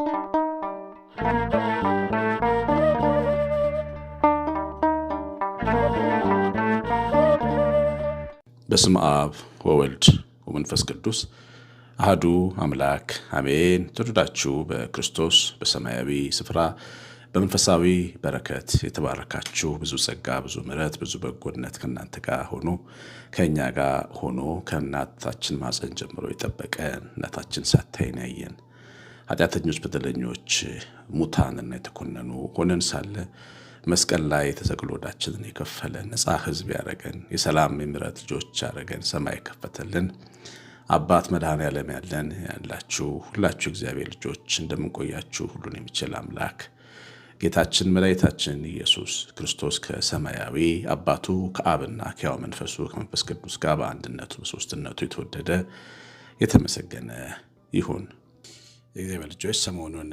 በስም አብ ወወልድ ወመንፈስ ቅዱስ አህዱ አምላክ አሜን። ትወደዳችሁ በክርስቶስ በሰማያዊ ስፍራ በመንፈሳዊ በረከት የተባረካችሁ ብዙ ጸጋ፣ ብዙ ምሕረት፣ ብዙ በጎነት ከእናንተ ጋር ሆኖ ከእኛ ጋር ሆኖ ከእናታችን ማፀን ጀምሮ የጠበቀን እናታችን ሳታይን ያየን ኃጢአተኞች፣ በደለኞች፣ ሙታንና የተኮነኑ ሆነን ሳለ መስቀል ላይ ተሰቅሎ ዕዳችንን የከፈለ ነፃ ሕዝብ ያደረገን የሰላም የምሕረት ልጆች ያደረገን ሰማይ የከፈተልን አባት መድኃኔ ያለም ያለን ያላችሁ ሁላችሁ እግዚአብሔር ልጆች እንደምንቆያችሁ ሁሉን የሚችል አምላክ ጌታችን መድኃኒታችን ኢየሱስ ክርስቶስ ከሰማያዊ አባቱ ከአብና ከያው መንፈሱ ከመንፈስ ቅዱስ ጋር በአንድነቱ በሶስትነቱ የተወደደ የተመሰገነ ይሁን። የእግዚአብሔር ልጆች ሰሞኑን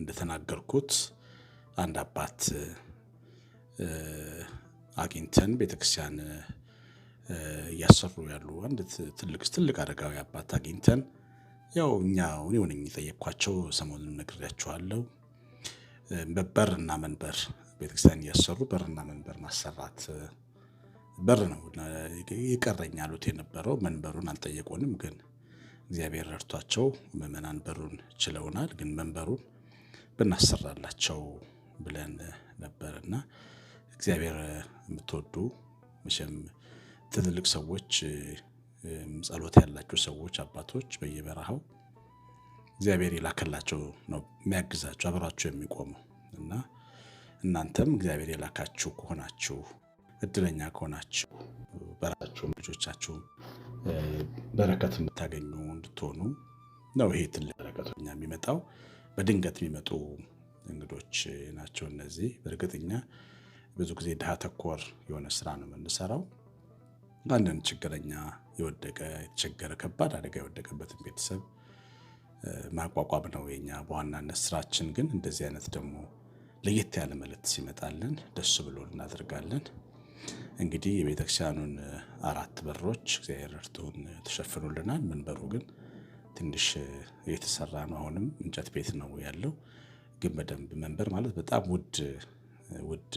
እንደተናገርኩት አንድ አባት አግኝተን ቤተክርስቲያን እያሰሩ ያሉ አንድ ትልቅ ትልቅ አረጋዊ አባት አግኝተን ያው እኛ እኔው ነኝ የጠየቅኳቸው ሰሞኑን ነግሬያቸዋለሁ። እና መንበር ቤተክርስቲያን እያሰሩ በርና መንበር ማሰራት በር ነው ይቀረኛሉት የነበረው መንበሩን አልጠየቁንም ግን እግዚአብሔር ረድቷቸው ምዕመናን በሩን ችለውናል። ግን መንበሩን ብናሰራላቸው ብለን ነበርና እግዚአብሔር የምትወዱ መቼም ትልልቅ ሰዎች፣ ጸሎት ያላቸው ሰዎች፣ አባቶች በየበረሃው እግዚአብሔር የላከላቸው ነው የሚያግዛቸው አብሯቸው የሚቆሙ እና እናንተም እግዚአብሔር የላካችሁ ከሆናችሁ እድለኛ ከሆናችሁ በራሳቸውም ልጆቻቸውም በረከት የምታገኙ እንድትሆኑ ነው። ይሄ ትልቅ በረከቶኛ የሚመጣው በድንገት የሚመጡ እንግዶች ናቸው እነዚህ። በእርግጥኛ ብዙ ጊዜ ድሃ ተኮር የሆነ ስራ ነው የምንሰራው። አንዳንድ ችግረኛ የወደቀ የተቸገረ ከባድ አደጋ የወደቀበትን ቤተሰብ ማቋቋም ነው የኛ በዋናነት ስራችን። ግን እንደዚህ አይነት ደግሞ ለየት ያለ መልእክት ሲመጣልን ደስ ብሎ እናደርጋለን። እንግዲህ የቤተክርስቲያኑን አራት በሮች እግዚአብሔር እርቱን ተሸፍኖልናል። መንበሩ ግን ትንሽ የተሰራ ነው። አሁንም እንጨት ቤት ነው ያለው፣ ግን በደንብ መንበር ማለት በጣም ውድ ውድ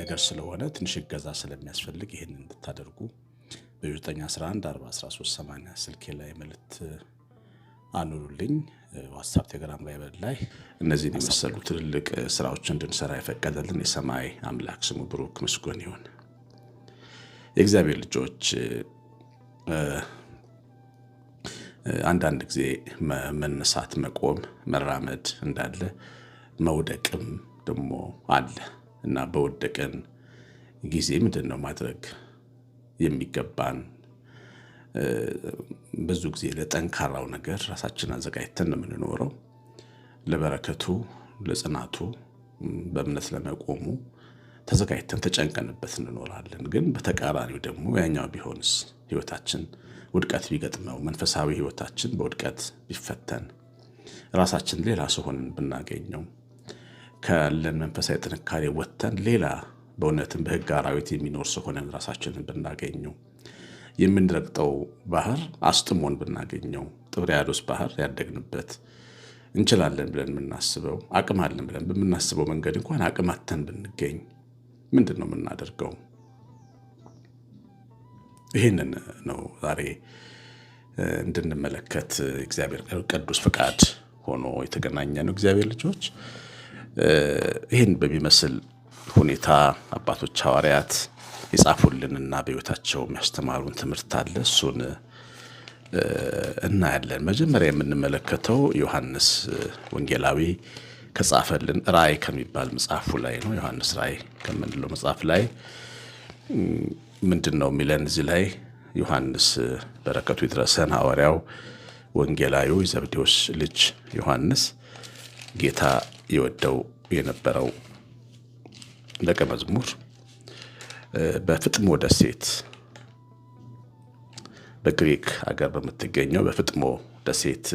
ነገር ስለሆነ ትንሽ እገዛ ስለሚያስፈልግ ይህን እንድታደርጉ በ911 413 80 ስልኬ ላይ መልእክት አኑሩልኝ። ዋትሳፕ፣ ቴሌግራም ላይ እነዚህን የመሰሉ ትልልቅ ስራዎች እንድንሰራ የፈቀደልን የሰማይ አምላክ ስሙ ብሩክ ምስጉን ይሁን። የእግዚአብሔር ልጆች አንዳንድ ጊዜ መነሳት፣ መቆም፣ መራመድ እንዳለ መውደቅም ደግሞ አለ እና በወደቀን ጊዜ ምንድን ነው ማድረግ የሚገባን ብዙ ጊዜ ለጠንካራው ነገር ራሳችን አዘጋጅተን ነው የምንኖረው። ለበረከቱ፣ ለጽናቱ፣ በእምነት ለመቆሙ ተዘጋጅተን ተጨንቀንበት እንኖራለን። ግን በተቃራኒው ደግሞ ያኛው ቢሆንስ ህይወታችን ውድቀት ቢገጥመው፣ መንፈሳዊ ህይወታችን በውድቀት ቢፈተን፣ ራሳችን ሌላ ሰው ብናገኘው፣ ካለን መንፈሳዊ ጥንካሬ ወጥተን ሌላ በእውነትም በህግ አራዊት የሚኖር ሲሆንን ራሳችንን ብናገኘው የምንረግጠው ባህር አስጥሞን ብናገኘው ጥብርያዶስ ባህር ያደግንበት እንችላለን ብለን የምናስበው አቅም አለን ብለን በምናስበው መንገድ እንኳን አቅም አተን ብንገኝ ምንድን ነው የምናደርገው? ይህንን ነው ዛሬ እንድንመለከት እግዚአብሔር ቅዱስ ፈቃድ ሆኖ የተገናኘ ነው። እግዚአብሔር ልጆች ይህን በሚመስል ሁኔታ አባቶች ሐዋርያት የጻፉልንና በሕይወታቸውም የሚያስተማሩን ትምህርት አለ። እሱን እናያለን። መጀመሪያ የምንመለከተው ዮሐንስ ወንጌላዊ ከጻፈልን ራእይ ከሚባል መጽሐፉ ላይ ነው። ዮሐንስ ራእይ ከምንለው መጽሐፍ ላይ ምንድን ነው የሚለን? እዚህ ላይ ዮሐንስ በረከቱ ይድረሰን ሐዋርያው ወንጌላዊ የዘብዴዎስ ልጅ ዮሐንስ ጌታ የወደው የነበረው ደቀ መዝሙር በፍጥሞ ደሴት በግሪክ ሀገር በምትገኘው በፍጥሞ ደሴት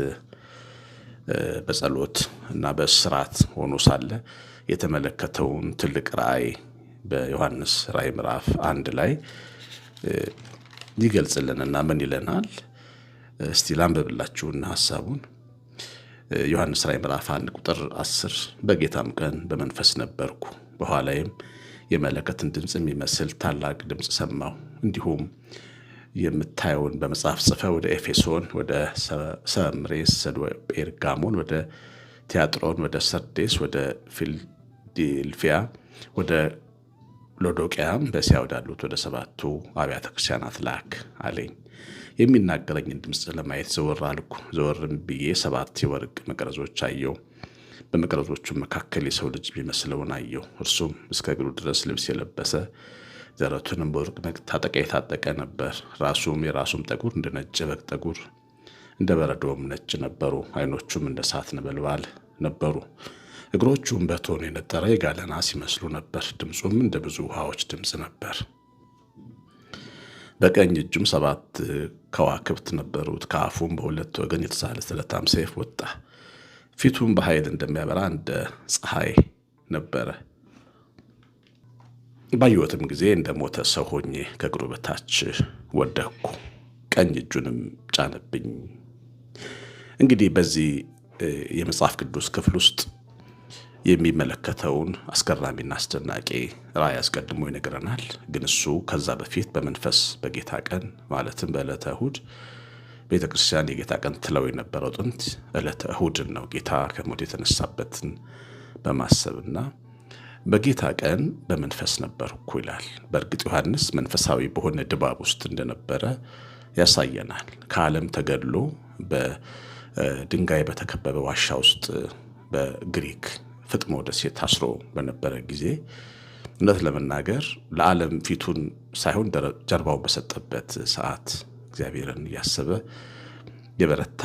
በጸሎት እና በስራት ሆኖ ሳለ የተመለከተውን ትልቅ ራእይ በዮሐንስ ራእይ ምዕራፍ አንድ ላይ ይገልጽልንና ምን ይለናል? እስቲ ላንብብላችሁና ሀሳቡን ዮሐንስ ራእይ ምዕራፍ አንድ ቁጥር አስር በጌታም ቀን በመንፈስ ነበርኩ በኋላይም የመለከትን ድምፅ የሚመስል ታላቅ ድምፅ ሰማው እንዲሁም የምታየውን በመጽሐፍ ጽፈ ወደ ኤፌሶን፣ ወደ ሰምሬስ፣ ወደ ጴርጋሞን፣ ወደ ቲያጥሮን፣ ወደ ሰርዴስ፣ ወደ ፊልዴልፊያ፣ ወደ ሎዶቅያም በእስያ ወዳሉት ወደ ሰባቱ አብያተ ክርስቲያናት ላክ አለኝ። የሚናገረኝን ድምፅ ለማየት ዘወር አልኩ። ዘወርም ብዬ ሰባት የወርቅ መቅረዞች አየው። በመቅረዞቹ መካከል የሰው ልጅ የሚመስለውን አየሁ። እርሱም እስከ እግሩ ድረስ ልብስ የለበሰ ዘረቱንም በወርቅ መታጠቂያ የታጠቀ ነበር። ራሱም የራሱም ጠጉር እንደ ነጭ በግ ጠጉር እንደ በረዶም ነጭ ነበሩ። ዓይኖቹም እንደ እሳት ነበልባል ነበሩ። እግሮቹም በቶን የነጠረ የጋለ ናስ ይመስሉ ነበር። ድምፁም እንደ ብዙ ውሃዎች ድምፅ ነበር። በቀኝ እጁም ሰባት ከዋክብት ነበሩት። ከአፉም በሁለት ወገን የተሳለ ስለታም ሰይፍ ወጣ። ፊቱን በኃይል እንደሚያበራ እንደ ፀሐይ ነበረ። ባየሁትም ጊዜ እንደ ሞተ ሰው ሆኜ ከእግሩ በታች ወደኩ ቀኝ እጁንም ጫነብኝ። እንግዲህ በዚህ የመጽሐፍ ቅዱስ ክፍል ውስጥ የሚመለከተውን አስገራሚና አስደናቂ ራእይ አስቀድሞ ይነግረናል። ግን እሱ ከዛ በፊት በመንፈስ በጌታ ቀን ማለትም በዕለተ እሁድ። ቤተ ክርስቲያን የጌታ ቀን ትለው የነበረው ጥንት ዕለተ እሁድን ነው። ጌታ ከሞት የተነሳበትን በማሰብና በጌታ ቀን በመንፈስ ነበርኩ ይላል። በእርግጥ ዮሐንስ መንፈሳዊ በሆነ ድባብ ውስጥ እንደነበረ ያሳየናል። ከዓለም ተገድሎ በድንጋይ በተከበበ ዋሻ ውስጥ በግሪክ ፍጥሞ ደሴት ታስሮ በነበረ ጊዜ እውነት ለመናገር ለዓለም ፊቱን ሳይሆን ጀርባውን በሰጠበት ሰዓት እግዚአብሔርን እያሰበ የበረታ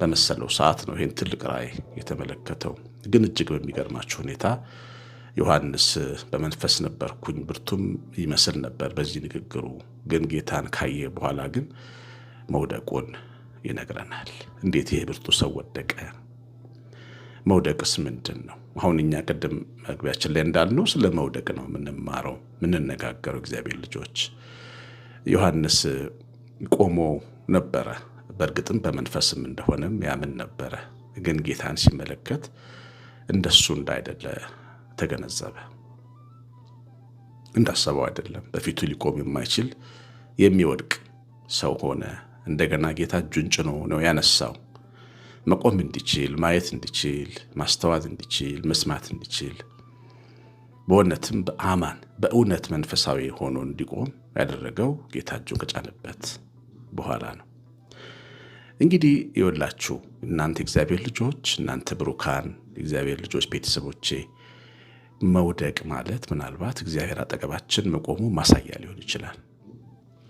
በመሰለው ሰዓት ነው ይህን ትልቅ ራእይ የተመለከተው። ግን እጅግ በሚገርማችሁ ሁኔታ ዮሐንስ በመንፈስ ነበርኩኝ ብርቱም ይመስል ነበር በዚህ ንግግሩ። ግን ጌታን ካየ በኋላ ግን መውደቁን ይነግረናል። እንዴት ይሄ ብርቱ ሰው ወደቀ? መውደቅስ ምንድን ነው? አሁን እኛ ቅድም መግቢያችን ላይ እንዳልነው ስለ መውደቅ ነው የምንማረው የምንነጋገረው። እግዚአብሔር ልጆች ዮሐንስ ቆሞ ነበረ። በእርግጥም በመንፈስም እንደሆነም ያምን ነበረ። ግን ጌታን ሲመለከት እንደሱ እንዳይደለ ተገነዘበ። እንዳሰበው አይደለም። በፊቱ ሊቆም የማይችል የሚወድቅ ሰው ሆነ። እንደገና ጌታ እጁን ጭኖ ነው ያነሳው። መቆም እንዲችል፣ ማየት እንዲችል፣ ማስተዋት እንዲችል፣ መስማት እንዲችል በእውነትም በአማን በእውነት መንፈሳዊ ሆኖ እንዲቆም ያደረገው ጌታ እጁን ከጫነበት በኋላ ነው። እንግዲህ ይወላችሁ እናንተ እግዚአብሔር ልጆች፣ እናንተ ብሩካን እግዚአብሔር ልጆች ቤተሰቦቼ፣ መውደቅ ማለት ምናልባት እግዚአብሔር አጠገባችን መቆሙ ማሳያ ሊሆን ይችላል።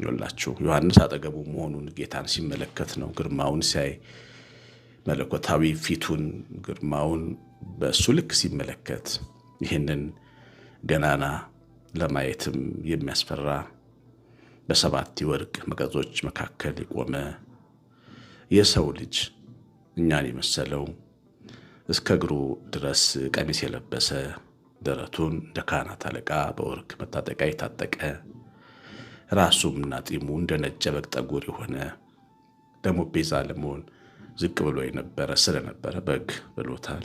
ይወላችሁ ዮሐንስ አጠገቡ መሆኑን ጌታን ሲመለከት ነው። ግርማውን ሲያይ መለኮታዊ ፊቱን ግርማውን በእሱ ልክ ሲመለከት ይህንን ገናና ለማየትም የሚያስፈራ በሰባት የወርቅ መቀጾች መካከል የቆመ የሰው ልጅ እኛን የመሰለው እስከ እግሩ ድረስ ቀሚስ የለበሰ ደረቱን እንደ ካህናት አለቃ በወርቅ መታጠቂያ የታጠቀ ራሱም እና ጢሙ እንደ ነጭ በግ ጠጉር የሆነ ደግሞ ቤዛ ለመሆን ዝቅ ብሎ የነበረ ስለነበረ በግ ብሎታል።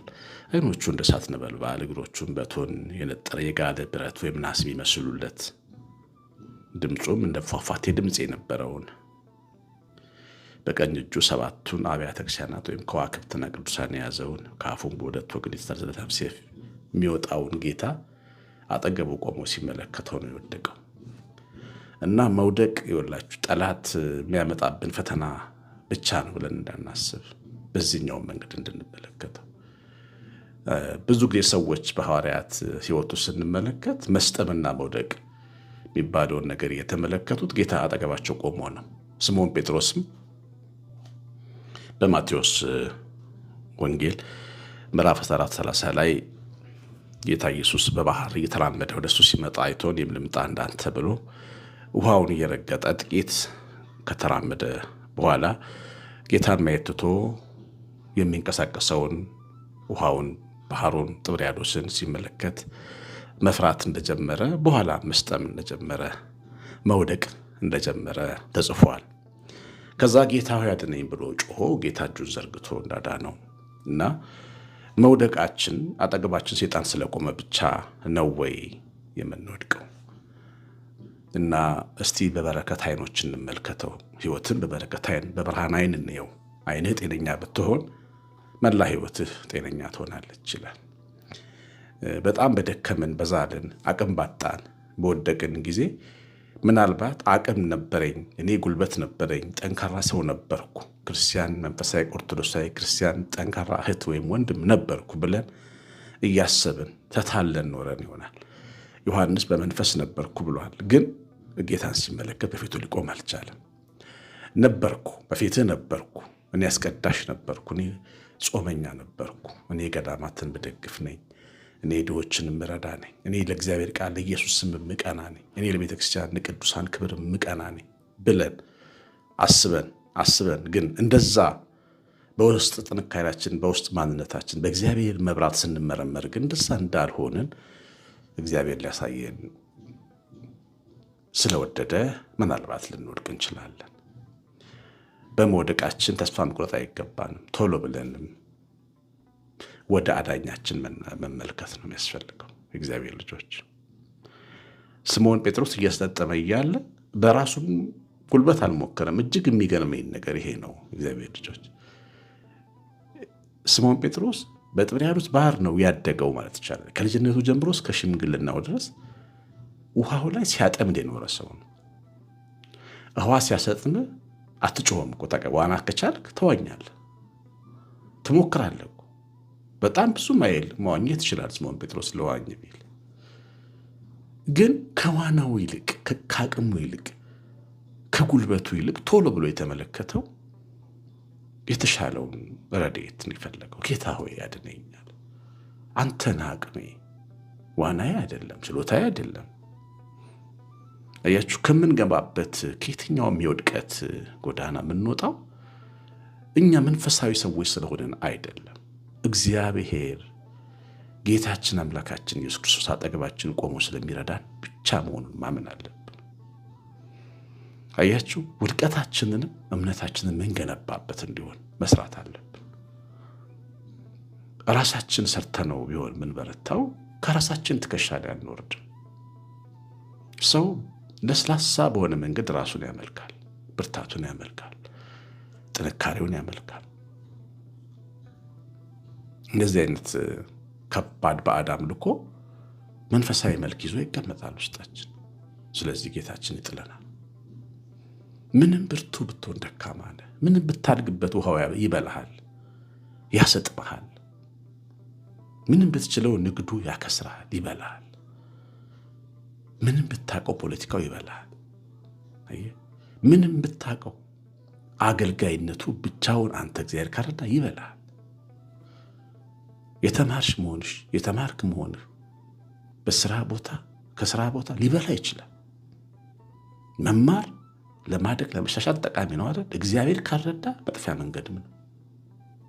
አይኖቹ እንደ እሳት ነበልባል፣ እግሮቹን በቶን የነጠረ የጋለ ብረት ወይም ናስ የሚመስሉለት፣ ድምፁም እንደ ፏፏቴ ድምፅ የነበረውን በቀኝ እጁ ሰባቱን አብያተ ክርስቲያናት ወይም ከዋክብትና ቅዱሳን የያዘውን ከአፉን በሁለት ወገን የተዘረጋውን ሰይፍ የሚወጣውን ጌታ አጠገቡ ቆሞ ሲመለከተው ነው የወደቀው። እና መውደቅ ይወላችሁ ጠላት የሚያመጣብን ፈተና ብቻ ነው ብለን እንዳናስብ በዚህኛውም መንገድ እንድንመለከተው ብዙ ጊዜ ሰዎች በሐዋርያት ሕይወቱ ስንመለከት መስጠምና መውደቅ የሚባለውን ነገር የተመለከቱት ጌታ አጠገባቸው ቆሞ ነው። ስምዖን ጴጥሮስም በማቴዎስ ወንጌል ምዕራፍ 1430 ላይ ጌታ ኢየሱስ በባህር እየተራመደ ወደሱ ሲመጣ አይቶን የምልምጣ እንዳንተ ብሎ ውሃውን እየረገጠ ጥቂት ከተራመደ በኋላ ጌታን ማየት ትቶ የሚንቀሳቀሰውን ውሃውን ባህሩን ጥብርያዶስን ሲመለከት መፍራት እንደጀመረ በኋላ መስጠም እንደጀመረ መውደቅ እንደጀመረ ተጽፏል። ከዛ ጌታ ሆይ አድነኝ ብሎ ጮሆ ጌታ እጁን ዘርግቶ ነው እና መውደቃችን አጠገባችን ሴጣን ስለቆመ ብቻ ነው ወይ የምንወድቀው? እና እስቲ በበረከት አይኖች እንመልከተው። ህይወትን በበረከት አይን በብርሃን አይን እንየው። አይንህ ጤነኛ ብትሆን መላ ህይወትህ ጤነኛ ትሆናለች ይላል። በጣም በደከምን በዛልን፣ አቅም ባጣን፣ በወደቅን ጊዜ ምናልባት አቅም ነበረኝ፣ እኔ ጉልበት ነበረኝ፣ ጠንካራ ሰው ነበርኩ፣ ክርስቲያን፣ መንፈሳዊ ኦርቶዶክሳዊ ክርስቲያን፣ ጠንካራ እህት ወይም ወንድም ነበርኩ ብለን እያሰብን ተታለን ኖረን ይሆናል። ዮሐንስ በመንፈስ ነበርኩ ብሏል። ግን ጌታን ሲመለከት በፊቱ ሊቆም አልቻለም። ነበርኩ፣ በፊትህ ነበርኩ፣ እኔ አስቀዳሽ ነበርኩ፣ እኔ ጾመኛ ነበርኩ፣ እኔ ገዳማትን ብደግፍ ነኝ፣ እኔ ድሆችን ምረዳ ነኝ፣ እኔ ለእግዚአብሔር ቃል ለኢየሱስ ስም ምቀና ነኝ፣ እኔ ለቤተ ክርስቲያን ለቅዱሳን ክብር ምቀና ነኝ ብለን አስበን አስበን ግን እንደዛ በውስጥ ጥንካሬያችን በውስጥ ማንነታችን በእግዚአብሔር መብራት ስንመረመር ግን እንደዛ እንዳልሆንን እግዚአብሔር ሊያሳየን ስለወደደ ምናልባት ልንወድቅ እንችላለን። በመውደቃችን ተስፋ መቁረጥ አይገባንም። ቶሎ ብለንም ወደ አዳኛችን መመልከት ነው የሚያስፈልገው። እግዚአብሔር ልጆች ስምዖን ጴጥሮስ እያስጠጠመ እያለ በራሱም ጉልበት አልሞከረም። እጅግ የሚገርመኝ ነገር ይሄ ነው። እግዚአብሔር ልጆች ስምዖን ጴጥሮስ በጥብርያዶስ ባህር ነው ያደገው ማለት ይቻላል። ከልጅነቱ ጀምሮ እስከ ሽምግልናው ድረስ ውሃው ላይ ሲያጠምድ የኖረ ሰው ነው። ውሃ ሲያሰጥም አትጮኸም እኮ ታውቃለህ። ዋና ከቻልክ ትዋኛለህ፣ ትሞክራለህ። በጣም ብዙ ማይል መዋኘት ይችላል ስምዖን ጴጥሮስ ለዋኝ ቢል ግን ከዋናው ይልቅ ከአቅሙ ይልቅ ከጉልበቱ ይልቅ ቶሎ ብሎ የተመለከተው የተሻለውን ረድኤት ነው የፈለገው። ጌታ ሆይ ያድነኛል። አንተን አቅሜ ዋናዬ አይደለም፣ ችሎታዬ አይደለም። እያችሁ ከምንገባበት ከየትኛውም የውድቀት ጎዳና የምንወጣው እኛ መንፈሳዊ ሰዎች ስለሆነን አይደለም። እግዚአብሔር ጌታችን አምላካችን ኢየሱስ ክርስቶስ አጠገባችን ቆሞ ስለሚረዳን ብቻ መሆኑን ማመናለን። አያችሁ፣ ውድቀታችንንም እምነታችንን የምንገነባበት እንዲሆን መስራት አለብን። ራሳችን ሰርተነው ቢሆን ምንበረታው ከራሳችን ትከሻ ላይ አንወርድም። ሰው ለስላሳ በሆነ መንገድ ራሱን ያመልካል፣ ብርታቱን ያመልካል፣ ጥንካሬውን ያመልካል። እንደዚህ አይነት ከባድ ባዕድ አምልኮ መንፈሳዊ መልክ ይዞ ይቀመጣል ውስጣችን። ስለዚህ ጌታችን ይጥለናል። ምንም ብርቱ ብትሆን ደካማ ነህ። ምንም ብታድግበት ውሃው ይበልሃል፣ ያሰጥመሃል። ምንም ብትችለው ንግዱ ያከስርሃል፣ ይበልሃል። ምንም ብታውቀው ፖለቲካው ይበልሃል። ምንም ብታውቀው አገልጋይነቱ ብቻውን አንተ እግዚአብሔር ካረዳ ይበልሃል። የተማርሽ መሆንሽ የተማርክ መሆንህ በስራ ቦታ ከስራ ቦታ ሊበላ ይችላል መማር ለማደግ ለመሻሻል ጠቃሚ ነው አይደል? እግዚአብሔር ካልረዳ መጥፊያ መንገድም ነው።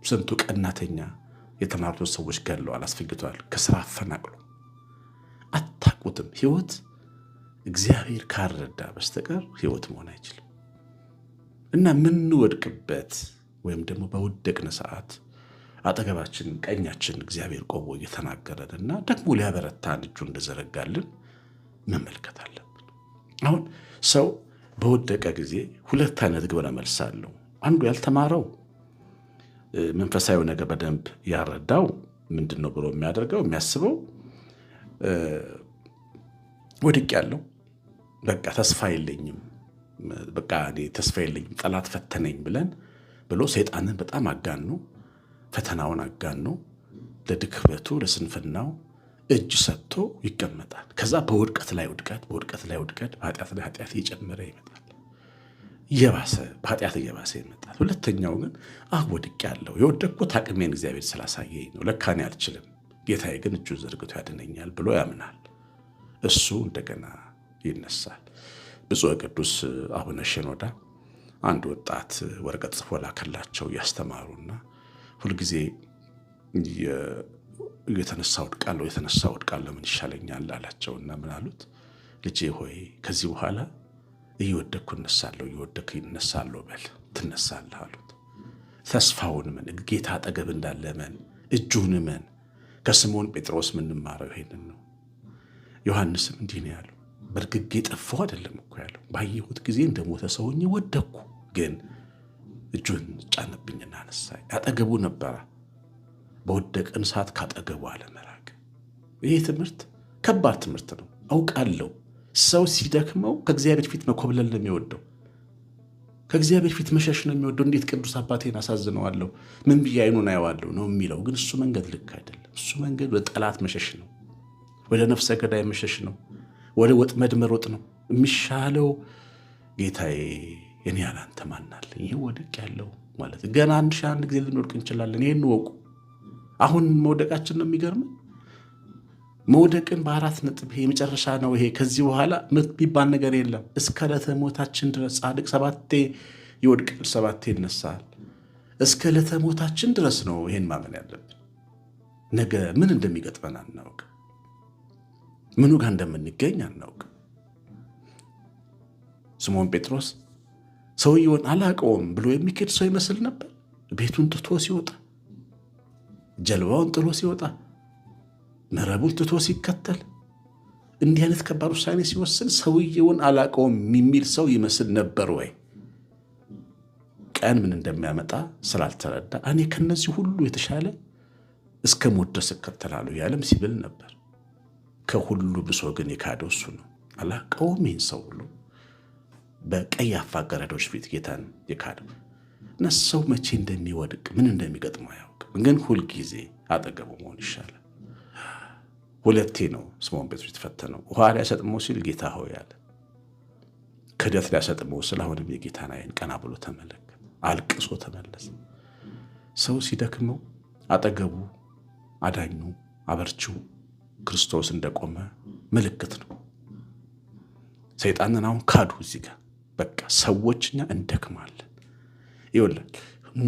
ስንቱ ቀናተኛ የተማሩት ሰዎች ገለዋል፣ አስፈግተዋል፣ ከስራ አፈናቅሎ አታቁትም። ህይወት እግዚአብሔር ካልረዳ በስተቀር ህይወት መሆን አይችልም። እና የምንወድቅበት ወይም ደግሞ በውደቅነ ሰዓት አጠገባችን ቀኛችን እግዚአብሔር ቆሞ እየተናገረን እና ደግሞ ሊያበረታን እጁ እንደዘረጋልን መመልከት አለብን። አሁን ሰው በወደቀ ጊዜ ሁለት አይነት ግብረ መልስ አለው። አንዱ ያልተማረው መንፈሳዊ ነገር በደንብ ያረዳው ምንድን ነው ብሎ የሚያደርገው የሚያስበው ወድቅ ያለው በቃ ተስፋ የለኝም፣ በቃ ተስፋ የለኝም፣ ጠላት ፈተነኝ ብለን ብሎ ሰይጣንን በጣም አጋኖ ፈተናውን አጋኖ ለድክበቱ ለስንፍናው እጅ ሰጥቶ ይቀመጣል። ከዛ በውድቀት ላይ ውድቀት፣ በውድቀት ላይ ውድቀት፣ በኃጢአት ላይ ኃጢአት እየጨመረ ይመጣል። እየባሰ በኃጢአት እየባሰ ይመጣል። ሁለተኛው ግን አህ ወድቅ ያለው የወደቅኩት አቅሜን እግዚአብሔር ስላሳየኝ ነው፣ ለካኔ አልችልም፣ ጌታዬ ግን እጁን ዘርግቶ ያድነኛል ብሎ ያምናል። እሱ እንደገና ይነሳል። ብፁዕ ቅዱስ አቡነ ሸኖዳ አንድ ወጣት ወረቀት ጽፎ ላከላቸው እያስተማሩና ሁልጊዜ የተነሳ ወድቃለሁ የተነሳ ወድቃለሁ ምን ይሻለኛል አላቸውና ምን አሉት ልጄ ሆይ ከዚህ በኋላ እየወደኩ እነሳለሁ፣ እየወደኩ እነሳለሁ በል ትነሳለህ አሉት። ተስፋውን ምን ጌታ አጠገብ እንዳለ ምን እጁን ምን ከስምዖን ጴጥሮስ ምንማረው ይሄንን ነው። ዮሐንስም እንዲህ ነው ያለው። በእርግጌ ጠፋሁ አይደለም እኮ ያለው፣ ባየሁት ጊዜ እንደ ሞተ ሰውኝ ወደኩ፣ ግን እጁን ጫነብኝና አነሳኝ። አጠገቡ ነበረ። በወደቅን ሰዓት ካጠገቡ አለመራቅ። ይህ ትምህርት ከባድ ትምህርት ነው አውቃለሁ። ሰው ሲደክመው ከእግዚአብሔር ፊት መኮብለል ነው የሚወደው። ከእግዚአብሔር ፊት መሸሽ ነው የሚወደው። እንዴት ቅዱስ አባቴን አሳዝነዋለሁ፣ ምን ብዬ አይኑን አየዋለሁ ነው የሚለው። ግን እሱ መንገድ ልክ አይደለም። እሱ መንገድ ወደ ጠላት መሸሽ ነው፣ ወደ ነፍሰ ገዳይ መሸሽ ነው፣ ወደ ወጥመድ መሮጥ ነው። የሚሻለው ጌታዬ እኔ ያላንተ ማናለኝ? ይህ ወድቅ ያለው ማለት ገና አንድ ሺህ አንድ ጊዜ ልንወድቅ እንችላለን። ይህን ወቁ። አሁን መውደቃችን ነው የሚገርመው። መውደቅን በአራት ነጥብ የመጨረሻ ነው። ይሄ ከዚህ በኋላ ምርት የሚባል ነገር የለም። እስከ ዕለተ ሞታችን ድረስ ጻድቅ ሰባቴ ይወድቃል፣ ሰባቴ ይነሳል። እስከ ዕለተ ሞታችን ድረስ ነው ይሄን ማመን ያለብን። ነገ ምን እንደሚገጥመን አናውቅ፣ ምኑ ጋር እንደምንገኝ አናውቅ። ስምዖን ጴጥሮስ ሰውየውን አላውቀውም ብሎ የሚከድ ሰው ይመስል ነበር። ቤቱን ጥቶ ሲወጣ፣ ጀልባውን ጥሎ ሲወጣ መረቡን ትቶ ሲከተል እንዲህ አይነት ከባድ ውሳኔ ሲወስን ሰውየውን አላቀውም የሚል ሰው ይመስል ነበር ወይ? ቀን ምን እንደሚያመጣ ስላልተረዳ እኔ ከነዚህ ሁሉ የተሻለ እስከ ሞት ድረስ እከተላለሁ ያለም ሲብል ነበር። ከሁሉ ብሶ ግን የካደው እሱ ነው። አላቀውም ይህን ሰው ሁሉ በቀያፋ ገረዶች ፊት ጌታን የካደው እና ሰው መቼ እንደሚወድቅ ምን እንደሚገጥመው አያውቅም። ግን ሁልጊዜ አጠገቡ መሆን ይሻላል። ሁለቴ ነው ስምዖን ጴጥሮስ የተፈተነው። ውሃ ሊያሰጥመው ሲል ጌታ ሆይ አለ። ክደት ሊያሰጥመው ስል አሁንም የጌታን ዓይን ቀና ብሎ ተመለከ። አልቅሶ ተመለሰ። ሰው ሲደክመው አጠገቡ አዳኙ አበርቺው ክርስቶስ እንደቆመ ምልክት ነው። ሰይጣንን አሁን ካዱ። እዚህ ጋር በቃ ሰዎች እንደክማለን። ይኸውልህ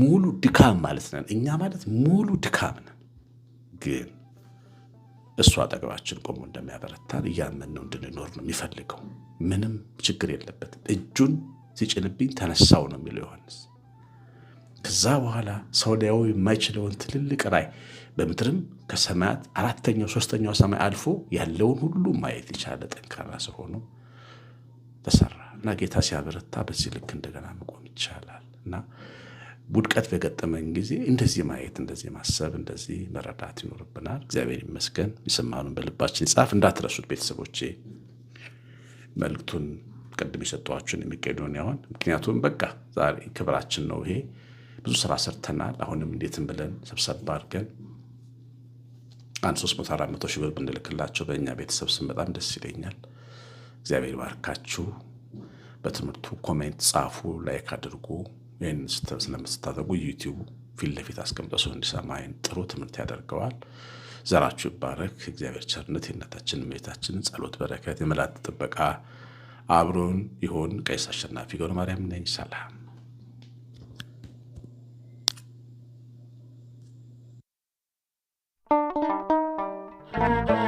ሙሉ ድካም ማለት ነን እኛ ማለት ሙሉ ድካም ነን ግን እሱ አጠገባችን ቆሞ እንደሚያበረታን እያመን ነው እንድንኖር ነው የሚፈልገው። ምንም ችግር የለበትም። እጁን ሲጭንብኝ ተነሳው ነው የሚለው ዮሐንስ። ከዛ በኋላ ሰው ሊያየው የማይችለውን ትልልቅ ራይ በምድርም ከሰማያት አራተኛው ሶስተኛው ሰማይ አልፎ ያለውን ሁሉ ማየት የቻለ ጠንካራ ሰው ሆኖ ተሰራ እና ጌታ ሲያበረታ በዚህ ልክ እንደገና መቆም ይቻላል እና ውድቀት በገጠመን ጊዜ እንደዚህ ማየት፣ እንደዚህ ማሰብ፣ እንደዚህ መረዳት ይኖርብናል። እግዚአብሔር ይመስገን። የሰማኑን በልባችን ይጻፍ። እንዳትረሱት ቤተሰቦቼ መልእክቱን ቅድም የሰጠኋችሁን የሚቀዶንያውን ምክንያቱም በቃ ዛሬ ክብራችን ነው። ይሄ ብዙ ስራ ሰርተናል። አሁንም እንዴትም ብለን ሰብሰብ አድርገን አንድ ሶስት መቶ አራት መቶ ሺህ ብር ብንልክላቸው በእኛ ቤተሰብ ስም በጣም ደስ ይለኛል። እግዚአብሔር ባርካችሁ። በትምህርቱ ኮሜንት ጻፉ፣ ላይክ አድርጉ። ይህን ስለምትታደጉ ዩቲዩብ ፊት ለፊት አስቀምጦ ሰው እንዲሰማይን ጥሩ ትምህርት ያደርገዋል። ዘራችሁ ይባረክ። እግዚአብሔር ቸርነት የእናታችን እመቤታችንን ጸሎት በረከት የመላት ጥበቃ አብሮን ይሆን። ቀሲስ አሸናፊ ገብረ ማርያም ነኝ። ሰላም Thank you.